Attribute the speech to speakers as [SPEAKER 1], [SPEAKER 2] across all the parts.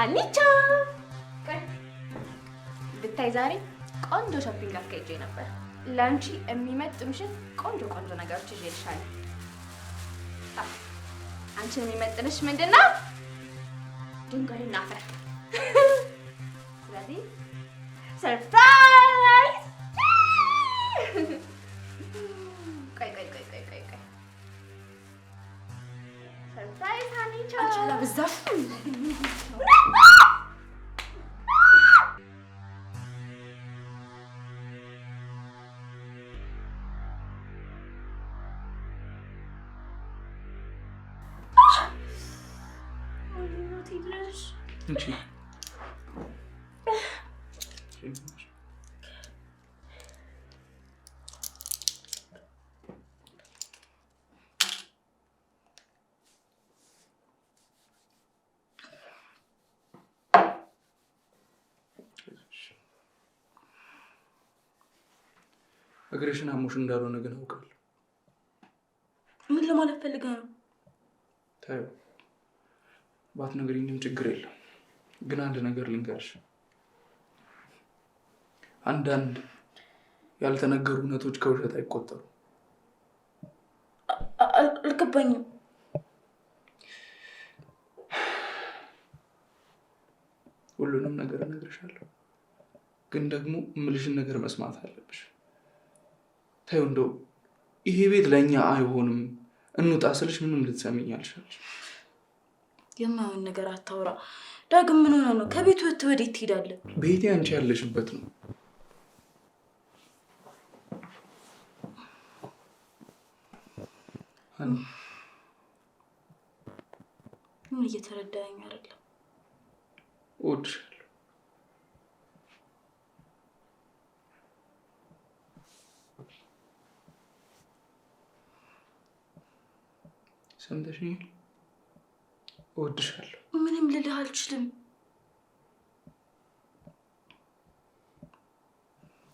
[SPEAKER 1] ሀኒቾ
[SPEAKER 2] ብታይ ዛሬ ቆንጆ ሾፒንግ አስከይጄ ነበር። ለአንቺ የሚመጥ ምሽት ቆንጆ ቆንጆ ነገሮች ይዤልሻለሁ። አንቺን የሚመጥንሽ ምንድን ነው? ስለዚህ ሰርፕራይዝ
[SPEAKER 1] Angela besoffen. Oh,
[SPEAKER 3] Thank you. እግርሽን አሞሽ እንዳልሆነ ግን አውቃለሁ።
[SPEAKER 2] ምን ለማለት ፈልገህ ነው?
[SPEAKER 3] ታዩ ባትነግሪኝም ችግር የለም ግን አንድ ነገር ልንገርሽ። አንዳንድ ያልተነገሩ እውነቶች ከውሸት አይቆጠሩ
[SPEAKER 2] አልገባኝም።
[SPEAKER 3] ሁሉንም ነገር እነግርሻለሁ፣ ግን ደግሞ ምልሽን ነገር መስማት አለብሽ። ታዩ እንደው ይሄ ቤት ለእኛ አይሆንም እንውጣ ስልሽ ምንም ልትሰሚኝ አልሻለሽ።
[SPEAKER 2] የማይሆን ነገር አታውራ ዳግም። ምን ሆነ ነው? ከቤት ወጥተህ ወዴት ትሄዳለህ?
[SPEAKER 3] ቤቴ አንቺ ያለሽበት ነው።
[SPEAKER 2] ምን እየተረዳኝ አይደለም?
[SPEAKER 3] እወድሻለሁ ሰምተሽኝ? እወድሻለሁ።
[SPEAKER 2] ምንም ልልህ አልችልም።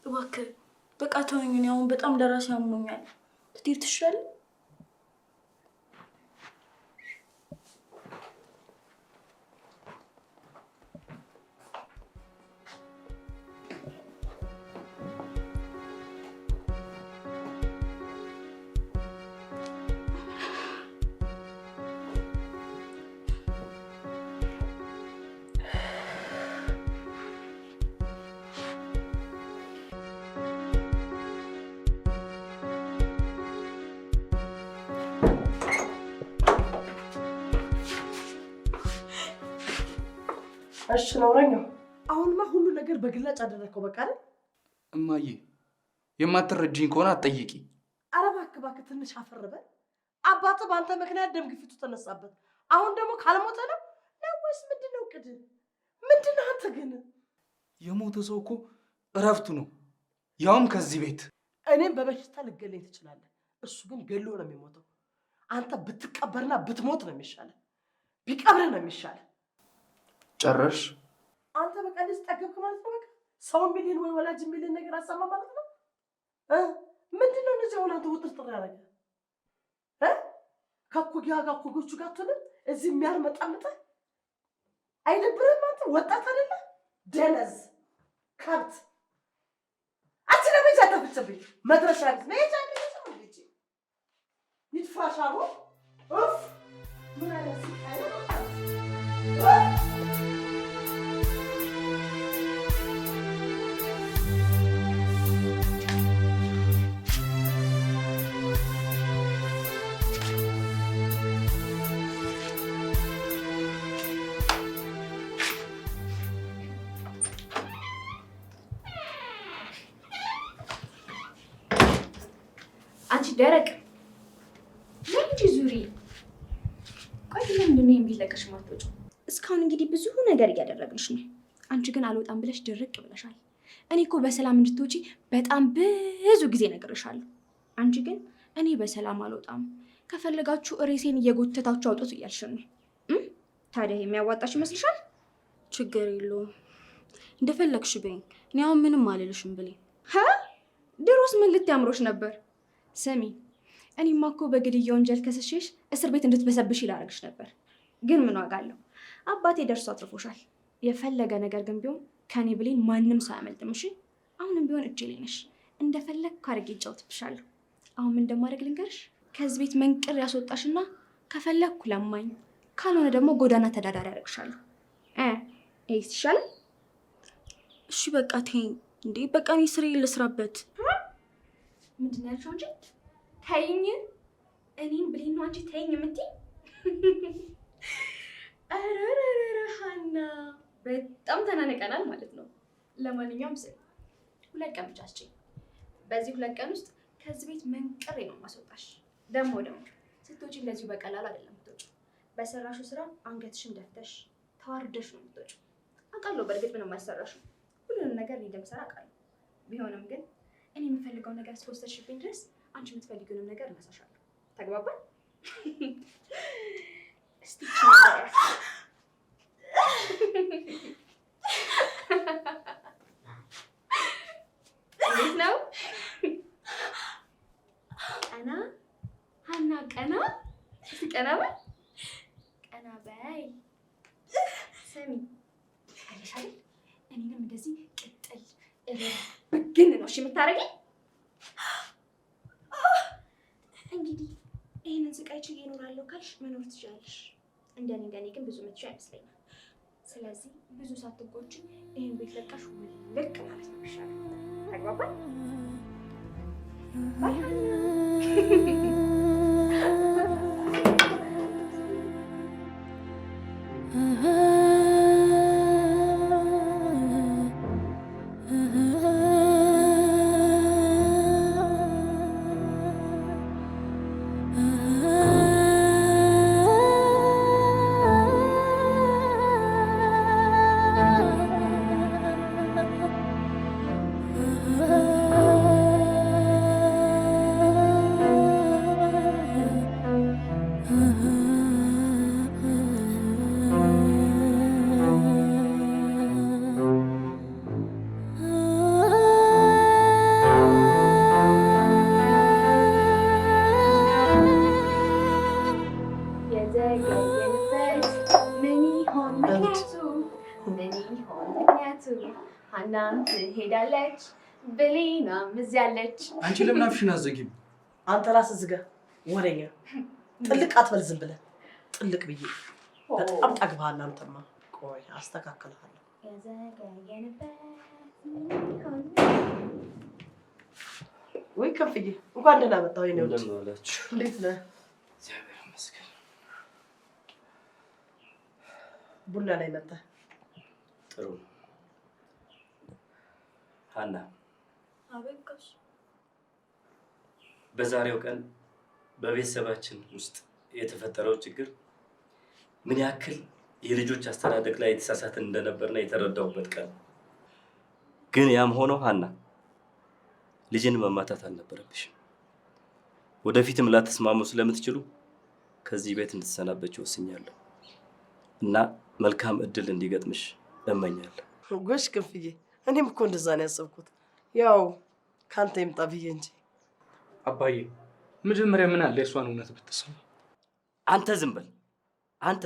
[SPEAKER 2] እባክህ በቃ ተወኝ። እኔ አሁን በጣም ለራሴ አሞኛል። ትሄድ ትችላለህ? እሺ ነውረኛው፣ አሁንማ ሁሉ ነገር በግላጭ አደረከው በቃ
[SPEAKER 3] እማዬ፣ የማትረጅኝ ከሆነ አትጠይቂ።
[SPEAKER 2] ኧረ እባክህ እባክህ፣ ትንሽ አፈር በል። በአንተ ምክንያት ደም ግፊቱ ተነሳበት። አሁን ደግሞ ካልሞተ ነው ወይስ ምንድን ነው እቅድ? ምንድን ነው አንተ ግን?
[SPEAKER 3] የሞተ ሰው እኮ እረፍቱ ነው፣ ያውም ከዚህ ቤት።
[SPEAKER 2] እኔም በበሽታ ልገለኝ ትችላለህ፣ እሱ ግን ገሎ ነው የሚሞተው። አንተ ብትቀበርና ብትሞት ነው የሚሻለ፣ ቢቀብር ነው የሚሻለ ጨረሽ? አንተ በቃ እንደዚህ ጠገብክ ማለት ነው። በቃ ሰው የሚልህን ወይ ወላጅ የሚልህን ነገር አሰማ ማለት ነው። ምንድን ነው እንደዚህ አሁን ውጥርጥር ያደረገ ከኩጊያ ጋር ኩጎቹ ጋር ትሆንም እዚህ የሚያርመጣምጠ አይደብርህም? አንተ ወጣት አይደለ ደነዝ ከብት አችለመጃ ተፍጭብኝ መድረሻ መሄጃ ይትፋሻሉ ምን አይነት ሲቃየ ደረቅ ለምንድ ዙሪ ቆይ ለምንድን ነው ቤት ለቀሽ እስካሁን እንግዲህ ብዙ ነገር እያደረግንሽ ነው። አንቺ ግን አልወጣም ብለሽ ድርቅ ብለሻል። እኔ እኮ በሰላም እንድትወጪ በጣም ብዙ ጊዜ ነግሬሻለሁ። አንቺ ግን እኔ በሰላም አልወጣም፣ ከፈለጋችሁ ሬሴን እየጎተታችሁ አውጡት እያልሽ ነው። ታዲያ የሚያዋጣሽ ይመስልሻል? ችግር የለውም እንደፈለግሽ በይኝ። እኔ አሁን ምንም አልልሽም ብለኝ። ድሮስ ምን ልትያምሮች ነበር? ስሚ፣ እኔማ እኮ በግድያ ወንጀል ከስሼሽ እስር ቤት እንድትበሰብሽ ይላረግሽ ነበር። ግን ምን ዋጋ አለው? አባቴ ደርሶ አትርፎሻል። የፈለገ ነገር ግን ቢሆን ከኔ ብሌን ማንም ሰው አያመልጥም። እሺ፣ አሁንም ቢሆን እጅ ላይ ነሽ። እንደፈለግ ካርግ ይጫውትብሻለሁ። አሁን ምን እንደማደርግ ልንገርሽ። ከዚህ ቤት መንቅር ያስወጣሽና ከፈለግኩ ለማኝ፣ ካልሆነ ደግሞ ጎዳና ተዳዳሪ ያደርግሻለሁ። ይህ ይሻላል። እሺ በቃ ተይኝ እንዴ። በቃ እኔ ስሬ ልስራበት። ምንድን ነው ያልሽው? እንጂ ተይኝ፣ እኔን ብሌን ነው አንቺ ተይኝ የምትይ ኧረ ሀና በጣም ተናነቀናል ማለት ነው። ለማንኛውም ስል ሁለት ቀን ብቻ አስችኝ። በዚህ ሁለት ቀን ውስጥ ከዚህ ቤት መንቅሬ ነው ማስወጣሽ። ደግሞ ደግሞ ስትወጪ እንደዚሁ በቀላሉ አይደለም የምትወጪው። በሰራሹ ስራ አንገትሽን ደፍተሽ ተዋርደሽ ነው የምትወጪው። አውቃለሁ። በእርግጥ ምንም አልሰራሽም፣ ሁሉንም ነገር እኔ እንደምሰራ አውቃለሁ። ቢሆንም ግን እኔ የምፈልገው ነገር እስከወሰድሽብኝ ድረስ አንቺ የምትፈልጊውንም ነገር እናሳሻለሁ። ተግባባል? እስቲ እንዴት ነው? ቀና ሀና፣ ቀና እስቲ ቀና ቀና በይ። ስሚ እኔንም እንደዚህ ቅጥል ብግን ነው እሺ እንግዲህ ይህንን ስቃይ ችዬ እኖራለሁ ካልሽ መኖር ትችላለሽ። እንደኔ እንደኔ ግን ብዙ መቼ አይመስለኝም። ስለዚህ ብዙ ሳትጎጂ ይህን ቤት ለቀሽ ልቅ ማለት ነው ይሻላል። ተግባባል? ብላ ትሄዳለች። ብሌናም እዚህ አለች።
[SPEAKER 3] አንቺ ለምን አፍሽን አዘጊም?
[SPEAKER 2] አንተ ራስህ ዝጋ። ወደኛ ጥልቅ አትበል። ዝም ብለህ ጥልቅ ብዬ በጣም ጠግባሃል። አንተማ ቆይ አስተካክልሃለሁ። ወይ ከፍዬ እንኳን ደህና መጣህ። ወይ እንዴት ነህ? ቡና ላይ መጣህ?
[SPEAKER 3] ጥሩ ነው ሀና አበቃሽ። በዛሬው ቀን በቤተሰባችን ውስጥ የተፈጠረው ችግር ምን ያክል የልጆች አስተዳደግ ላይ የተሳሳትን እንደነበርና የተረዳሁበት ቀን። ግን ያም ሆኖ ሀና ልጅን መማታት አልነበረብሽም። ወደፊትም ላትስማሙ ስለምትችሉ ከዚህ ቤት እንድትሰናበች ወስኛለሁ እና መልካም እድል እንዲገጥምሽ እመኛለሁ።
[SPEAKER 2] ጎሽ ክፍዬ እኔም እኮ እንደዛ ነው ያሰብኩት፣ ያው ከአንተ ይምጣ ብዬ እንጂ።
[SPEAKER 3] አባዬ መጀመሪያ ምን አለ የእሷን እውነት ብትሰማ። አንተ ዝም በል አንተ፣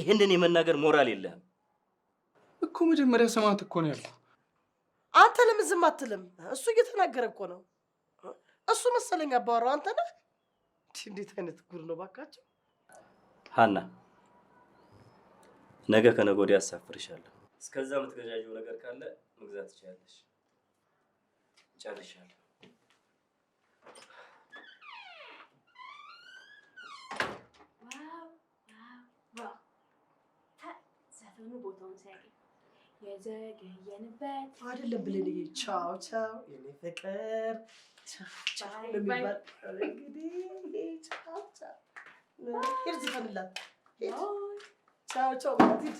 [SPEAKER 3] ይህንን የመናገር ሞራል የለህም እኮ። መጀመሪያ ሰማት እኮ ነው ያልኩህ።
[SPEAKER 2] አንተ ለምን ዝም አትልም? እሱ እየተናገረ እኮ ነው። እሱ መሰለኝ አባወራው አንተ ነህ። እንዴት አይነት ጉድ ነው ባካቸው።
[SPEAKER 3] ሀና ነገ ከነገ ወዲያ አሳፍርሻለሁ። እስከዛ የምትገዣዥው ነገር ካለ መግዛት ትችላለሽ። ጨርሻለሁ።
[SPEAKER 2] ዘፈኑ ቦታውን ሲያገኝ የዘገየንበት አይደለም ብለን ቻው ቻው የኔ ፍቅር ለሚባል እንግዲህ ቻው ቻው ሄድ ዝፈንላት ቻው ቻው ማለት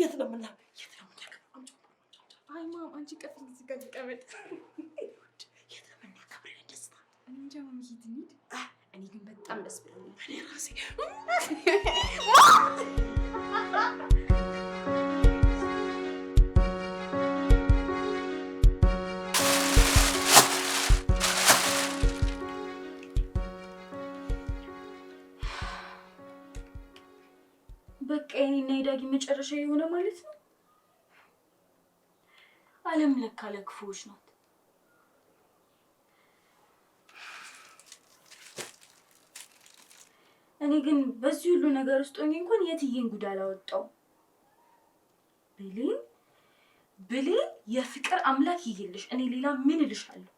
[SPEAKER 2] የት በጣም ደስ ብሎኛል እኔ ራሴ መጨረሻ የሆነ ማለት ነው። ዓለም ለካ ለክፉዎች ናት። እኔ ግን በዚህ ሁሉ ነገር ውስጥ ሆኜ እንኳን የትዬን ጉድ አላወጣውም። ብሌን ብሌን፣ የፍቅር አምላክ ይይልሽ። እኔ ሌላ ምን እልሻለሁ?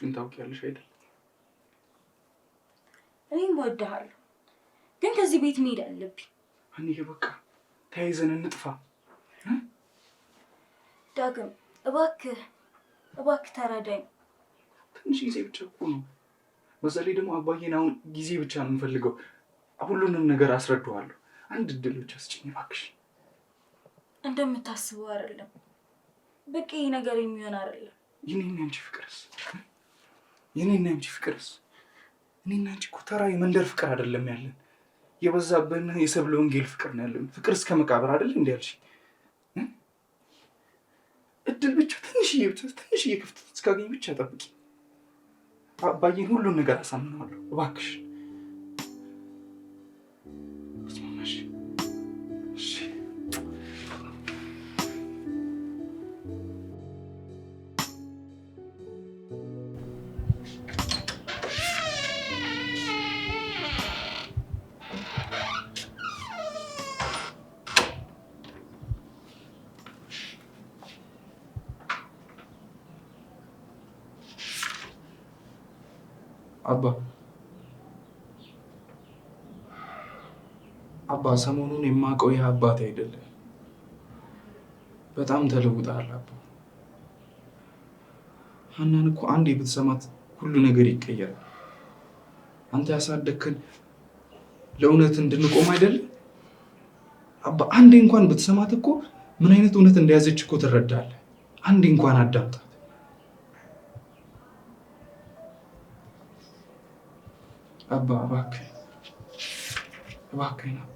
[SPEAKER 3] ግን ታውቂያለሽ አይደል?
[SPEAKER 2] እኔም እወድሃለሁ፣ ግን ከዚህ ቤት መሄድ አለብኝ።
[SPEAKER 3] አንዬ በቃ ተያይዘን እንጥፋ።
[SPEAKER 2] ዳግም እባክህ እባክህ ተረዳኝ።
[SPEAKER 3] ትንሽ ጊዜ ብቻ እኮ ነው። በዛ ላይ ደግሞ አባዬን አሁን ጊዜ ብቻ ነው የምፈልገው። ሁሉንም ነገር አስረዳዋለሁ። አንድ እድል ብቻ ስጭኝ እባክሽ።
[SPEAKER 2] እንደምታስበው አይደለም። በቃ ይህ ነገር የሚሆን አይደለም።
[SPEAKER 3] ይህን ያንቺ ፍቅርስ የኔና አንቺ ፍቅርስ? እኔና አንቺ እኮ ተራ የመንደር ፍቅር አይደለም ያለን፣ የበዛብህን የሰብለ ወንጌል ፍቅር ነው ያለን። ፍቅር እስከ መቃብር አይደል እንዲ ያልሽ? እድል ብቻ ትንሽዬ ትንሽዬ ክፍተት እስካገኝ ብቻ ጠብቂ። አባዬን ሁሉን ነገር አሳምነዋለሁ። እባክሽ ሰሞኑን የማውቀው ይህ አባት አይደለም። በጣም ተለውጣ አባ። ሀናን እኮ አንዴ ብትሰማት ሁሉ ነገር ይቀየራል። አንተ ያሳደግከን ለእውነት እንድንቆም አይደለም አባ። አንዴ እንኳን ብትሰማት እኮ ምን አይነት እውነት እንደያዘች እኮ ትረዳለህ። አንዴ እንኳን አዳምጣት። አባ እባክህ እባክህን አባ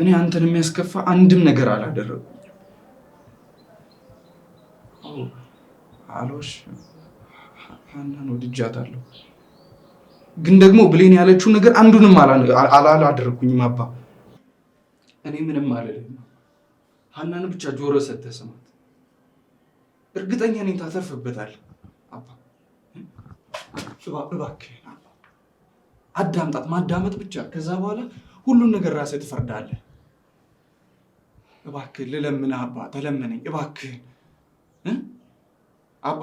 [SPEAKER 3] እኔ አንተን የሚያስከፋ አንድም ነገር አላደረጉ አሎሽ ሀናን ወድጃታለሁ፣ ግን ደግሞ ብሌን ያለችው ነገር አንዱንም አላደረኩኝም። አባ እኔ ምንም አልልም። ሀናን ብቻ ጆሮ ሰተህ ስማት። እርግጠኛ ነኝ ታተርፍበታለህ። አባ እባክህ አዳምጣት፣ ማዳመጥ ብቻ። ከዛ በኋላ ሁሉን ነገር ራስህ ትፈርዳለህ። እባክህ ልለምንህ አባ ተለመነኝ እባክህ አባ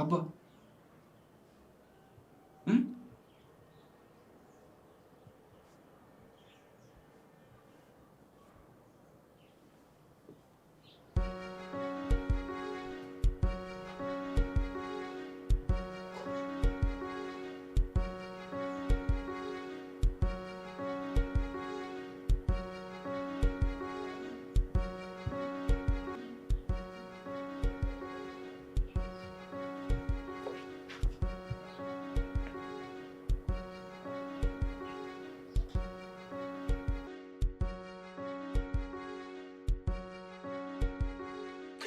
[SPEAKER 3] አባ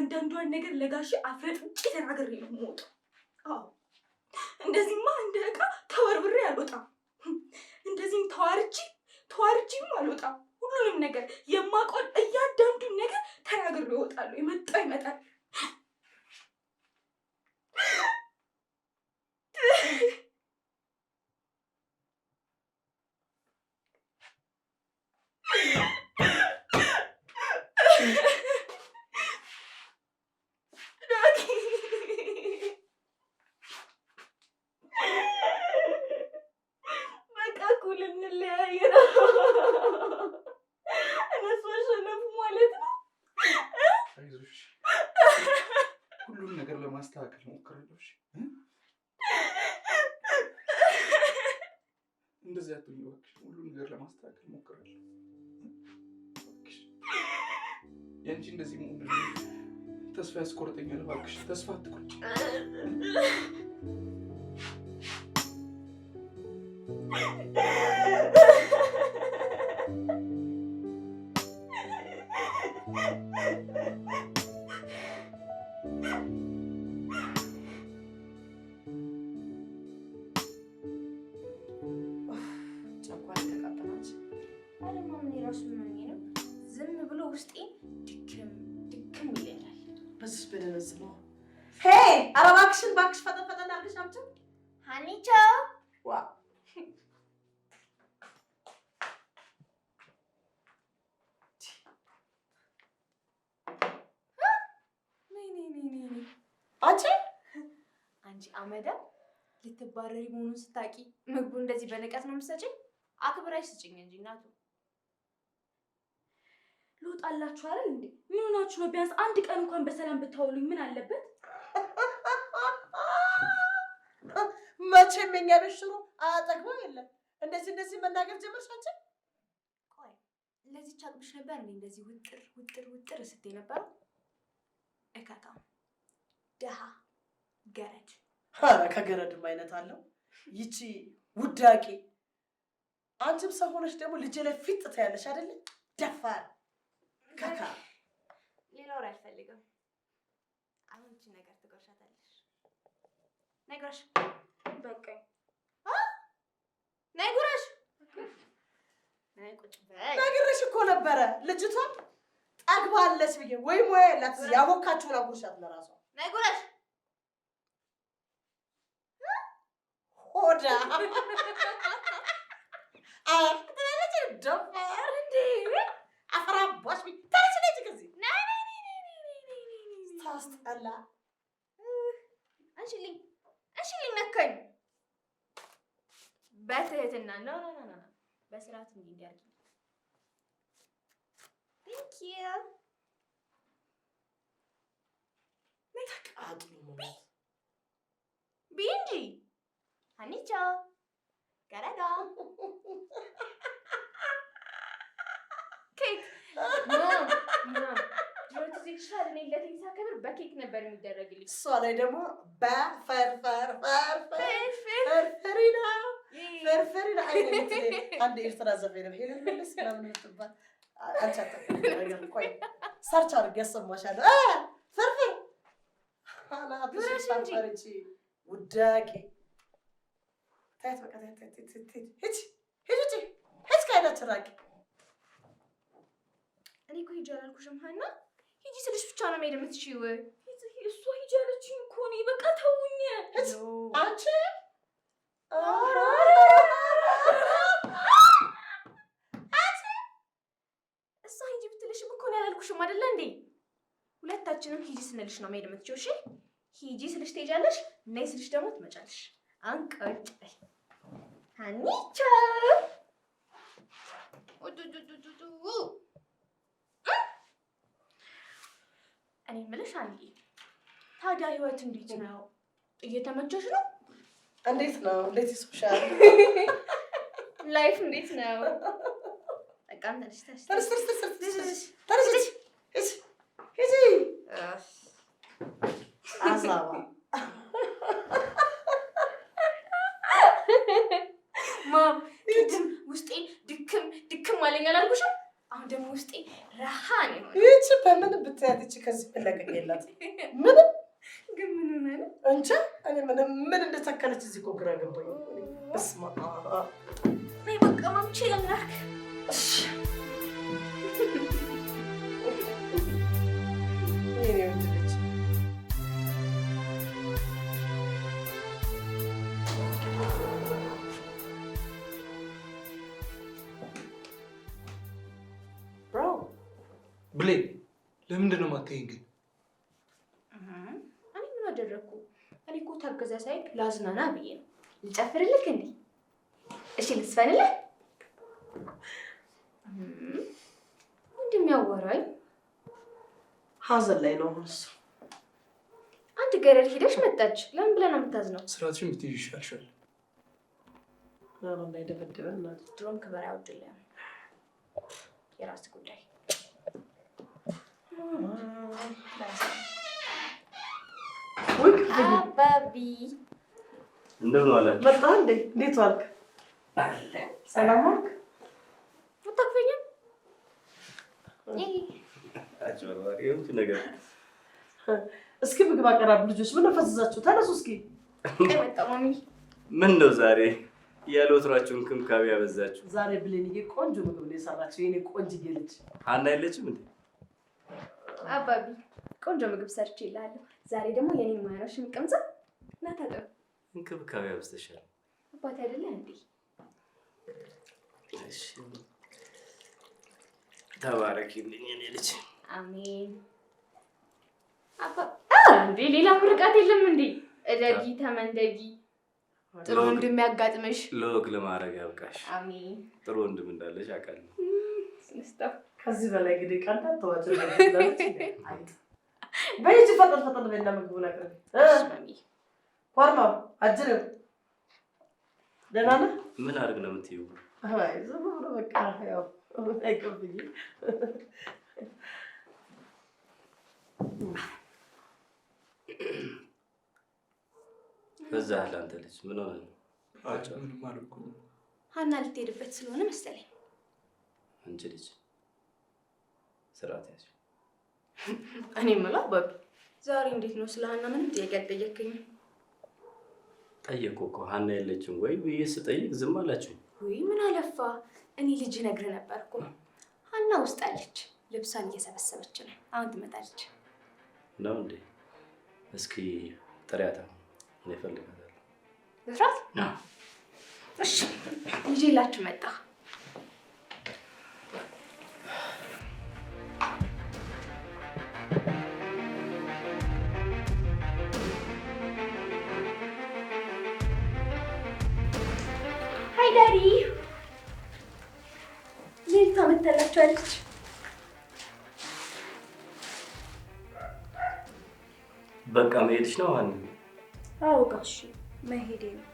[SPEAKER 2] እያንዳንዷን ነገር ለጋሽ አፍረጥጬ ተናግሬ ነው የምወጣው። አዎ እንደዚህማ እንደ ዕቃ ተወርብሬ አልወጣም። እንደዚህም ተዋርቼ ተዋርቼም አልወጣም። ሁሉንም ነገር የማቆል እያንዳንዱን ነገር ተናግሬ እወጣለሁ። የመጣ ይመጣል።
[SPEAKER 3] ተስፋ ያስቆርጠኛል። እባክሽ ተስፋ አትቁርጭ።
[SPEAKER 2] በደረስሽ በደረስሽ ነው። ሄ ኧረ እባክሽን እባክሽ ፈጠን ፈጠን አድርገሽ አምጪው። ሀኒቾ ዋ አንቺ አንቺ አመዳ ልትባረሪ መሆኑን ስታቂ ምግቡ እንደዚህ በንቀት ነው የምትሰጪኝ? አክብራሽ ስጭኝ እንጂ እናቱ ትውጣላችሁ አይደል እንዴ? ምን ሆናችሁ ነው? ቢያንስ አንድ ቀን እንኳን በሰላም ብታውሉኝ ምን አለበት? መቼም የሚያበሽሩ አያጠግበው የለም። እንደዚህ እንደዚህ መናገር ጀመርሻችን። ቆይ እንደዚህ አቅምሽ ነበር እኔ እንደዚህ ውጥር ውጥር ውጥር ስትይ ነበረው። እካታ ደሃ ገረድ። ኧረ ከገረድም አይነት አለው። ይቺ ውዳቂ አንቺም ሰው ሆነሽ ደግሞ ልጄ ላይ ፊት ትያለሽ አይደለ? ደፋር ከካ ሌላ ወሬ አልፈልግም። አሁን እቺ ነገር ትጎርሻታለሽ። ነግረሽ በቃኝ። ነግረሽ ነግረሽ እኮ ነበረ ልጅቷ ጠግባለች ብዬ ወይም ወይ ላት ያቦካችሁን አጉርሻት ለራሷ ነግረሽ ሆዳ አይ ትላለች ደፋር እንዴ አፈራባሽ ብዬ አስጠላ። አንሽልኝ አንሽልኝ፣ ነካኝ። በትህትና ኖ ኖ ኖ ነው፣ በስርዓት እንዲያል ቴንክ ዩ ቢንጂ ሀኒቾ ገረዳ ኬክ ልጅቷን እኔ ልደቴን ሳከብር በኬክ ነበር የሚደረግልኝ። እሷ ላይ ደግሞ በፈርፈርፈርፈርፈሪና ፈርፈሪና ነው ይሄንን መልስ እኔ እኮ ሂጅ አላልኩሽም ስልሽ ብቻ ነው መሄድ የምትችይው። እሷ ሂጂ አለችኝ እኮ እኔ በቃ ተውኝ። አንቺ እሷ ሂጂ ብትልሽም እኮ እኔ አላልኩሽም አይደለ እንዴ? ሁለታችንም ሂጂ ስንልሽ ነው መሄድ የምትችይው። እሺ ሂጂ ስልሽ ትሄጃለሽ፣ ነይ ስልሽ ደግሞ ትመጫለሽ። አንቀጭ ሀኒቾ እኔ የምልሽ አንዴ፣ ታዲያ ህይወት እንዴት ነው? እየተመቸሽ ነው? እንዴት ነው? እንዴት ይስብሻል? ላይፍ እንዴት ነው? ማም ውስጤ ድክም ድክም አለኝ አላልኩሽም? ደግሞ ውስጤ ረሃን ነው። ይቺ በምን ብትያት ከዚህ ፍለቀቅ የላት ምንም ግን ምን ሆነ እንጂ እኔ ምንም ምን እንደተከለች እዚህ እኮ ግራ ገባኝ። በስመ አብ ወይ በቃ ማምቼ ያላክ እሺ
[SPEAKER 3] ለምንድን ነው የማታየኝ ግን?
[SPEAKER 2] እኔ ምን አደረግኩ? እኔ እኮ ታገዘ ሳይሆን ላዝናና ብዬ ነው። ልጨፍርልክ እንዴ? እሺ ልስፈንልህ? ወንድም ያወራኝ
[SPEAKER 3] ሀዘን ላይ ነው እሱ።
[SPEAKER 2] አንድ ገረድ ሄደሽ መጣች። ለምን ብለን የምታዝነው?
[SPEAKER 3] ስራትሽን ብትይዥ ይሻልሻል። ላይ የደበደበን
[SPEAKER 2] ድሮም ክብር አይወድልም። የራስ ጉዳይ እንደምን ዋላችሁ? መጣ እንዴ? እንዴት ዋልክ? ሰላም ዋልክ? አታክፈኝም? ነገር እስኪ ምግብ አቀራብ ልጆች ምን ፈዘዛችሁ? ተነሱ እስኪ።
[SPEAKER 3] ምን ነው ዛሬ ያለ ወትሯችሁን ክምካቤ ያበዛችሁ።
[SPEAKER 2] ዛሬ ብሌን ቆንጆ ምግብ ነው የሰራችው የኔ ቆንጅዬ ልጅ።
[SPEAKER 3] ሀና የለችም እንዴ?
[SPEAKER 2] አባቢ ቆንጆ ምግብ ሰርቼ ይላለሁ ዛሬ ደግሞ የኔ ሙያ ነው ሽምቅምጽ እና ታጠብ።
[SPEAKER 3] እንክብካቤ አብዝተሻል
[SPEAKER 2] አባት አይደለ እንዴ?
[SPEAKER 3] ተባረኪልኝ የኔ ልጅ።
[SPEAKER 2] አሜን። እንዴ ሌላ ምርቃት የለም እንዴ? እደጊ ተመንደጊ፣ ጥሩ ወንድም ያጋጥምሽ፣
[SPEAKER 3] ለወግ ለማድረግ ያብቃሽ። አሜን። ጥሩ ወንድም እንዳለሽ አውቃለሁ።
[SPEAKER 2] ከዚህ በላይ እንግዲህ ቀንታ ተዋጭ በይች ፈጠን ፈጠን በና ምግቡ ነገር ኮርማ አጅር ደህና ነህ?
[SPEAKER 3] ምን አድርግ ነው የምትይው?
[SPEAKER 2] ዝም ብሎ በቃ ያው አይቀብኝ
[SPEAKER 3] በዛ ለአንተ ልጅ ምን ሆነ ነው?
[SPEAKER 2] ሀና ልትሄድበት ስለሆነ መሰለኝ
[SPEAKER 3] አንቺ ልጅ ስርዓት ያዝ።
[SPEAKER 2] እኔ የምለው አባቢ ዛሬ እንዴት ነው? ስለ ሀና ምንም ጥያቄ አልጠየከኝም።
[SPEAKER 3] ጠየቁ እኮ ሀና የለችም ወይ ብዬ ስጠይቅ ዝም አላችሁ።
[SPEAKER 2] ወይ ምን አለፋ እኔ ልጅ እነግርህ ነበር እኮ ሀና ውስጥ አለች፣ ልብሷን እየሰበሰበች ነው። አሁን ትመጣለች
[SPEAKER 3] ነው እንዴ? እስኪ ጥሪያታ እፈልጋታለሁ።
[SPEAKER 2] እሺ ላችሁ መጣ ዳዲ ልጅቷ መተላችኋለች
[SPEAKER 3] በቃ መሄድሽ ነው አሁን?
[SPEAKER 2] አዎ ጋሽ መሄዴ ነው።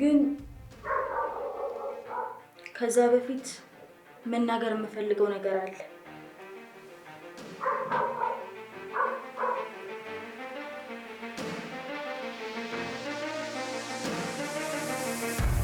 [SPEAKER 2] ግን ከዛ በፊት መናገር የምፈልገው ነገር አለ።